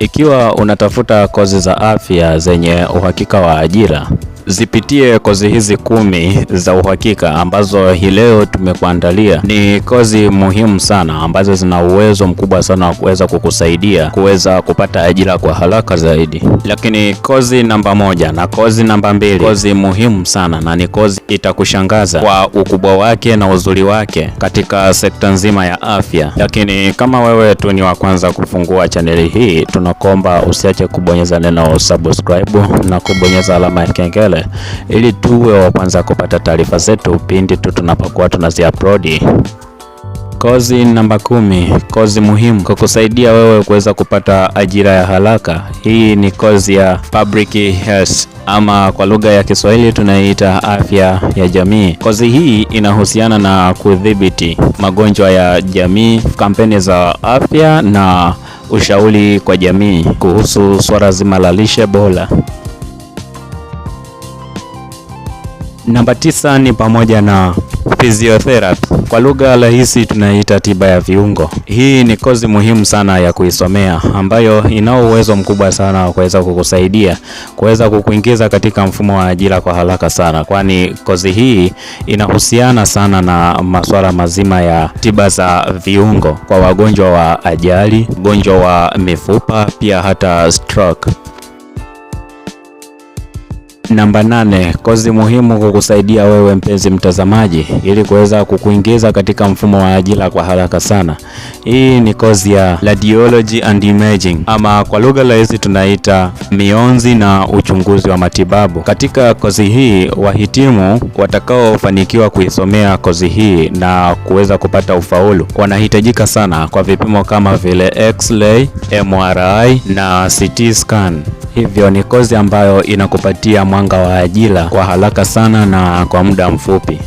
Ikiwa unatafuta kozi za afya zenye uhakika wa ajira Zipitie kozi hizi kumi za uhakika ambazo hii leo tumekuandalia. Ni kozi muhimu sana ambazo zina uwezo mkubwa sana wa kuweza kukusaidia kuweza kupata ajira kwa haraka zaidi. Lakini kozi namba moja na kozi namba mbili, kozi muhimu sana na ni kozi itakushangaza kwa ukubwa wake na uzuri wake katika sekta nzima ya afya. Lakini kama wewe tu ni wa kwanza kufungua chaneli hii, tunakuomba usiache kubonyeza neno subscribe na kubonyeza alama ya kengele kengele ili tuwe wa kwanza kupata taarifa zetu pindi tu tunapokuwa upload. Kozi namba kumi, kozi muhimu kwa kusaidia wewe kuweza kupata ajira ya haraka. Hii ni kozi ya public health ama kwa lugha ya Kiswahili tunaiita afya ya jamii. Kozi hii inahusiana na kudhibiti magonjwa ya jamii, kampeni za afya na ushauri kwa jamii kuhusu swala zima la lishe bora. Namba tisa ni pamoja na physiotherapy. Kwa lugha rahisi tunaita tiba ya viungo. Hii ni kozi muhimu sana ya kuisomea ambayo inao uwezo mkubwa sana wa kuweza kukusaidia kuweza kukuingiza katika mfumo wa ajira kwa haraka sana, kwani kozi hii inahusiana sana na masuala mazima ya tiba za viungo kwa wagonjwa wa ajali, ugonjwa wa mifupa, pia hata stroke. Namba nane, kozi muhimu kukusaidia wewe mpenzi mtazamaji ili kuweza kukuingiza katika mfumo wa ajira kwa haraka sana. Hii ni kozi ya Radiology and Imaging ama kwa lugha rahisi tunaita mionzi na uchunguzi wa matibabu. Katika kozi hii, wahitimu watakaofanikiwa kuisomea kozi hii na kuweza kupata ufaulu wanahitajika sana kwa vipimo kama vile X-ray, MRI na CT scan. Hivyo ni kozi ambayo inakupatia mwanga wa ajira kwa haraka sana na kwa muda mfupi.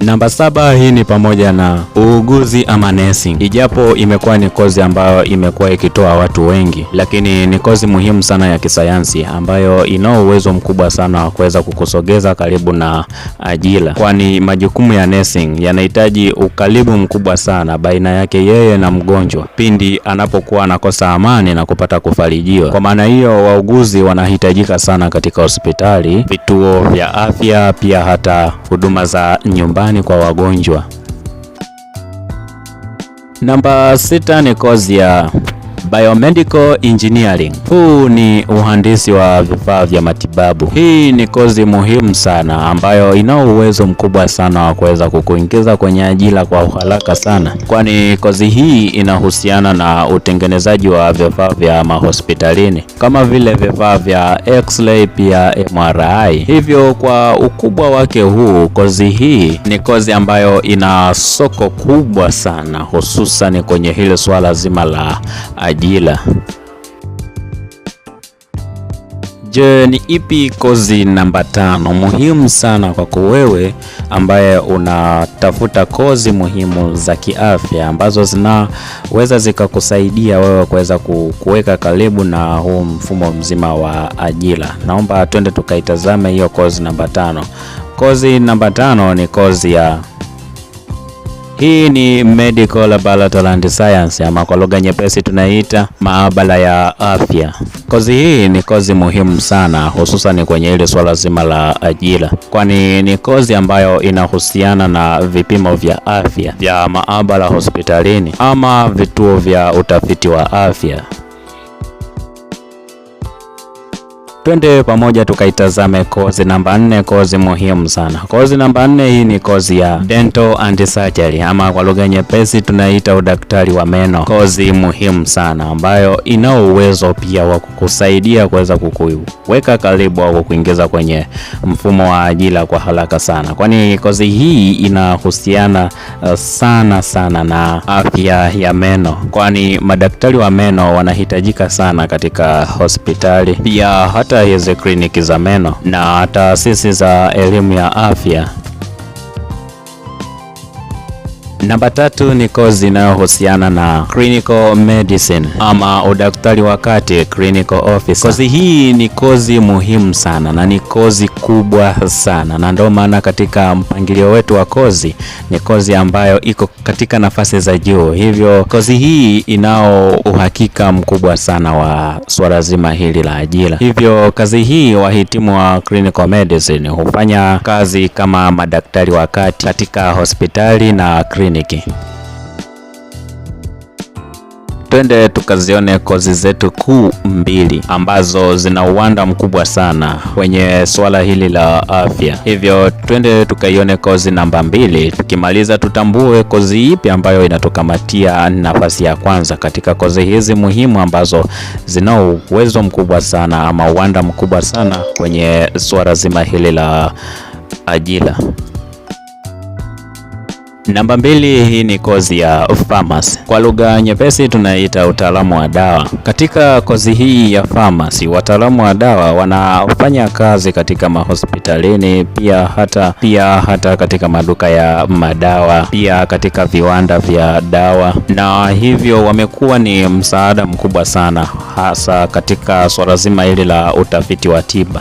Namba saba, hii ni pamoja na uuguzi ama nursing. Ijapo imekuwa ni kozi ambayo imekuwa ikitoa watu wengi, lakini ni kozi muhimu sana ya kisayansi ambayo ina uwezo mkubwa sana wa kuweza kukusogeza karibu na ajira, uh, kwani majukumu ya nursing yanahitaji ukaribu mkubwa sana baina yake yeye na mgonjwa pindi anapokuwa anakosa amani na kupata kufarijiwa. Kwa maana hiyo, wauguzi wanahitajika sana katika hospitali, vituo vya afya, pia hata huduma za nyumbani nyumbani kwa wagonjwa. Namba sita ni kozi ya Biomedical Engineering. Huu ni uhandisi wa vifaa vya matibabu. Hii ni kozi muhimu sana ambayo ina uwezo mkubwa sana wa kuweza kukuingiza kwenye ajira kwa uharaka sana, kwani kozi hii inahusiana na utengenezaji wa vifaa vya mahospitalini kama vile vifaa vya X-ray pia MRI. Hivyo kwa ukubwa wake huu, kozi hii ni kozi ambayo ina soko kubwa sana, hususan kwenye hilo swala zima la ajira ajira. Je, ni ipi kozi namba tano muhimu sana kwako wewe ambaye unatafuta kozi muhimu za kiafya ambazo zinaweza zikakusaidia wewe kuweza kuweka karibu na huu mfumo mzima wa ajira? Naomba twende tukaitazame hiyo kozi namba tano. Kozi namba tano ni kozi ya hii ni medical laboratory science, ama kwa lugha nyepesi tunaita maabara ya afya. Kozi hii ni kozi muhimu sana, hususan kwenye ile swala zima la ajira, kwani ni kozi ambayo inahusiana na vipimo vya afya vya maabara hospitalini ama vituo vya utafiti wa afya. Twende pamoja tukaitazame kozi namba nne, kozi muhimu sana. Kozi namba nne hii ni kozi ya dental and surgery, ama kwa lugha nyepesi tunaita udaktari wa meno. Kozi muhimu sana ambayo ina uwezo pia wa kukusaidia kuweza kukuweka karibu au kukuingiza kwenye mfumo wa ajira kwa haraka sana, kwani kozi hii inahusiana uh, sana sana na afya ya meno, kwani madaktari wa meno wanahitajika sana katika hospitali pia hata hizi kliniki za meno na taasisi za elimu ya afya Namba tatu ni kozi inayohusiana na clinical medicine ama udaktari wa kati, clinical officer. Kozi hii ni kozi muhimu sana na ni kozi kubwa sana, na ndio maana katika mpangilio wetu wa kozi ni kozi ambayo iko katika nafasi za juu, hivyo kozi hii inao uhakika mkubwa sana wa suala zima hili la ajira. Hivyo kazi hii wahitimu wa clinical medicine hufanya kazi kama madaktari wa kati katika hospitali na clinic. Kliniki. Twende tukazione kozi zetu kuu mbili ambazo zina uwanda mkubwa sana kwenye suala hili la afya. Hivyo twende tukaione kozi namba mbili, tukimaliza tutambue kozi ipi ambayo inatukamatia nafasi ya kwanza katika kozi hizi muhimu ambazo zina uwezo mkubwa sana ama uwanda mkubwa sana kwenye suala zima hili la ajira. Namba mbili, hii ni kozi ya pharmacy. Kwa lugha nyepesi tunaita utaalamu wa dawa. Katika kozi hii ya pharmacy, wataalamu wa dawa wanafanya kazi katika mahospitalini, pia hata pia hata katika maduka ya madawa, pia katika viwanda vya dawa, na hivyo wamekuwa ni msaada mkubwa sana, hasa katika swala zima hili la utafiti wa tiba.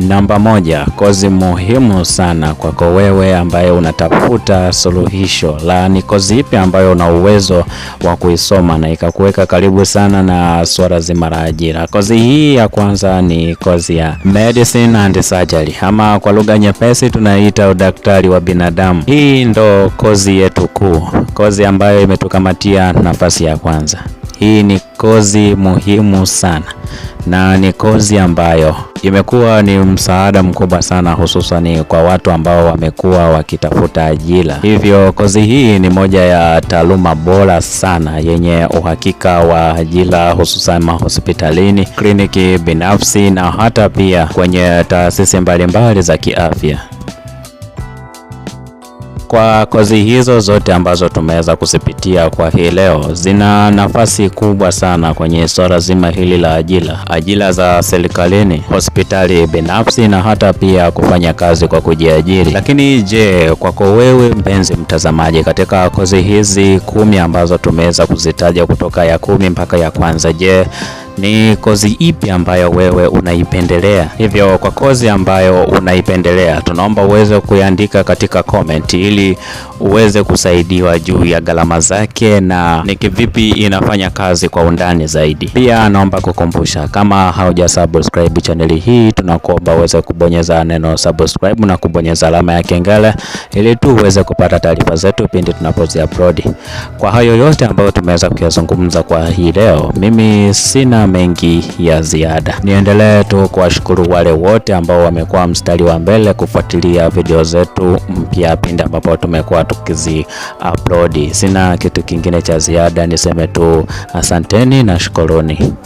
Namba moja, kozi muhimu sana kwako wewe ambaye unatafuta suluhisho la ni kozi ipi ambayo una uwezo wa kuisoma na ikakuweka karibu sana na swala zima la ajira. Kozi hii ya kwanza ni kozi ya Medicine and Surgery, ama kwa lugha nyepesi tunaita udaktari wa binadamu. Hii ndo kozi yetu kuu, kozi ambayo imetukamatia nafasi ya kwanza. Hii ni kozi muhimu sana na ni kozi ambayo imekuwa ni msaada mkubwa sana hususan kwa watu ambao wamekuwa wakitafuta ajira. Hivyo kozi hii ni moja ya taaluma bora sana yenye uhakika wa ajira hususan mahospitalini, kliniki binafsi na hata pia kwenye taasisi mbalimbali za kiafya. Kwa kozi hizo zote ambazo tumeweza kuzipitia kwa hii leo, zina nafasi kubwa sana kwenye swala zima hili la ajira, ajira za serikalini, hospitali binafsi na hata pia kufanya kazi kwa kujiajiri. Lakini je, kwako wewe mpenzi mtazamaji, katika kozi hizi kumi ambazo tumeweza kuzitaja kutoka ya kumi mpaka ya kwanza, je ni kozi ipi ambayo wewe unaipendelea. Hivyo kwa kozi ambayo unaipendelea, tunaomba uweze kuiandika katika comment ili uweze kusaidiwa juu ya gharama zake na ni kivipi inafanya kazi kwa undani zaidi. Pia naomba kukumbusha, kama hauja subscribe chaneli hii, tunakuomba uweze kubonyeza neno subscribe na kubonyeza alama ya kengele ili tu uweze kupata taarifa zetu pindi tunapozi upload. Kwa hayo yote ambayo tumeweza kuyazungumza kwa hii leo, mimi sina mengi ya ziada. Niendelee tu kuwashukuru wale wote ambao wamekuwa mstari wa mbele kufuatilia video zetu mpya pindi ambapo tumekuwa tukizi upload. Sina kitu kingine cha ziada, niseme tu asanteni na shukuruni.